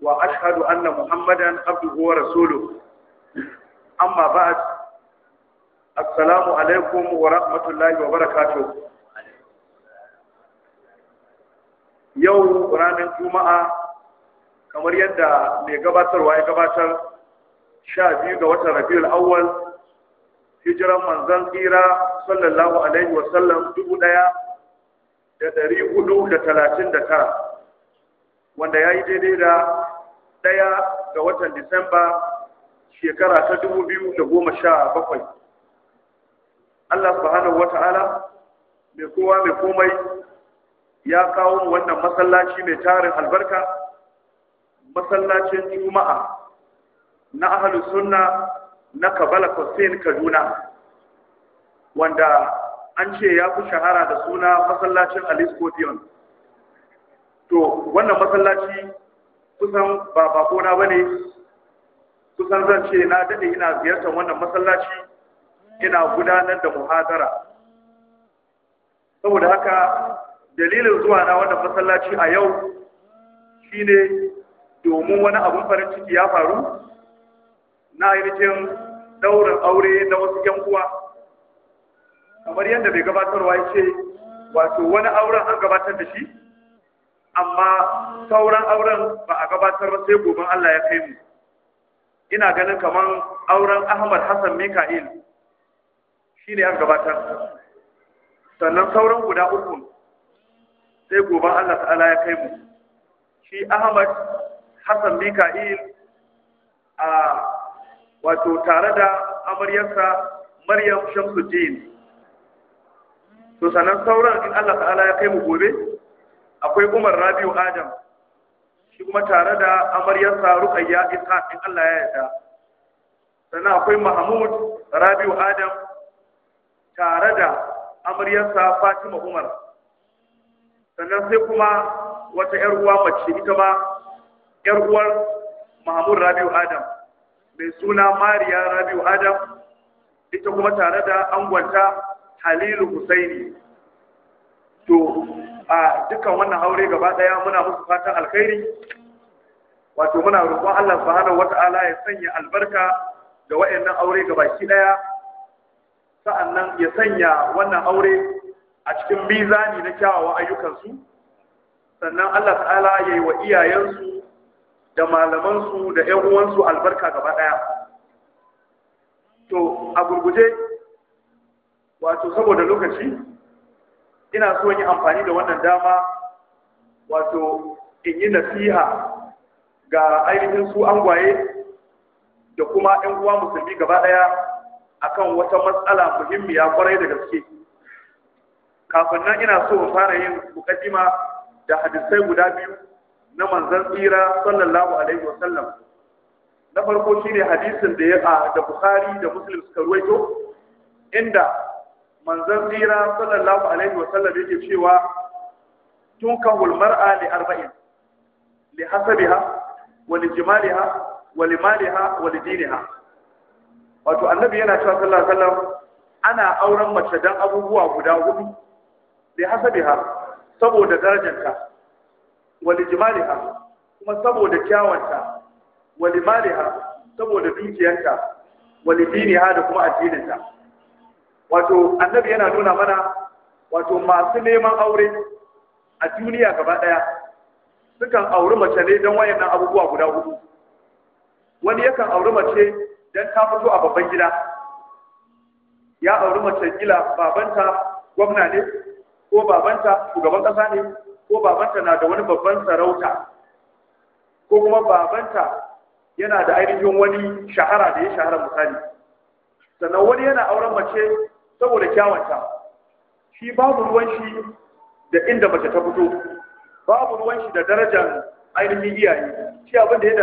Muhammadan أن محمدا عبده ورسوله أما بعد السلام عليكم rahmatullahi الله وبركاته yau ranar juma'a kamar yadda mai gabatarwa ya gabatar sha biyu ga watan rabiul awwal hijiran manzan tsira sallallahu alaihi wasallam dubu ɗaya da dari hudu da talatin da tara wanda ya yi daidai da ɗaya ga watan disamba shekara ta dubu biyu da goma sha bakwai allah subhanahu wa ta'ala mai kowa mai komai ya kawo mu wannan masallaci mai tarin albarka masallacin juma'a na ahalus sunna na kabala kwasin kaduna wanda an ce ya fi shahara da suna masallacin alice to wannan masallaci kusan ba bakona ba ne kusan zan ce na dade ina ziyartar wannan masallaci ina gudanar da muhadara saboda haka dalilin zuwa na wannan masallaci a yau shine domin wani abun farin ciki ya faru na ainihin daurin aure na wasu ƴan uwa kamar yadda bai gabatarwa ya ce wato wani auren an gabatar da shi amma sauran auren ba a gabatar sai gobe Allah ya kai mu ina ganin kaman auren Ahmad Hassan Mika'il shi ne an gabatar sannan sauran guda uku sai gobe Allah ta'ala ya kai mu shi Ahmad Hassan Mika'il a wato tare da amaryarsa Maryam Shamsuddin to sannan sauran in Allah ta'ala ya kai mu gobe akwai Umar Rabiu Adam shi kuma tare da amaryarsa Ruqayya isa in Allah ya yarda sannan akwai Mahmud Rabiu Adam tare da amaryarsa Fatima Umar sannan sai kuma wata yar uwa mace ita ma yar uwar Mahmud Rabiu Adam mai suna Mariya Rabiu Adam ita kuma tare da angonta Halilu Husaini to a dukkan wannan aure gaba daya muna musu fatan alkhairi wato muna roƙon Allah subhanahu wata'ala ya sanya albarka da wayannan aure ki daya sa'annan ya sanya wannan aure a cikin mizani na kyawawan ayyukansu sannan Allah ta'ala ya yi wa iyayensu da malamansu da uwan uwansu albarka gaba ɗaya to a gurguje wato saboda lokaci ina so in yi amfani da wannan dama wato in yi nasiha ga ainihin su angwaye da kuma 'yan uwa musulmi gaba daya akan wata matsala muhimmiya kwarai da gaske kafin nan ina so in fara yin mukaddima da hadisai guda biyu na manzon tsira sallallahu alaihi wasallam na farko shine hadisin da ya da Bukhari da Muslim suka ruwaito inda manzon tsira sallallahu alaihi wa sallam yake cewa tunkahul mar'a li arba'in li hasabiha wa li jimaliha wa li maliha wa li diniha wato annabi yana cewa sallallahu alaihi wa sallam ana auren mace dan abubuwa guda hudu li hasabiha saboda darajarta wa li jimaliha kuma saboda kyawanta wa li maliha saboda dukiyarta wa li diniha da kuma addininta wato annabi yana nuna mana wato masu neman aure a duniya gaba ɗaya sukan auri mace ne don wayannan abubuwa guda hudu wani yakan auri mace don ta fito a babban gida ya auri mace gila babanta gwamna ne ko babanta shugaban ƙasa ne ko babanta na da wani babban sarauta ko kuma babanta yana da ainihin wani shahara da ya shahara misali sannan wani yana auren mace saboda kyawanta shi babu ruwan shi da inda mace ta fito babu ruwan shi da darajar ainihin iyaye shi abin da ya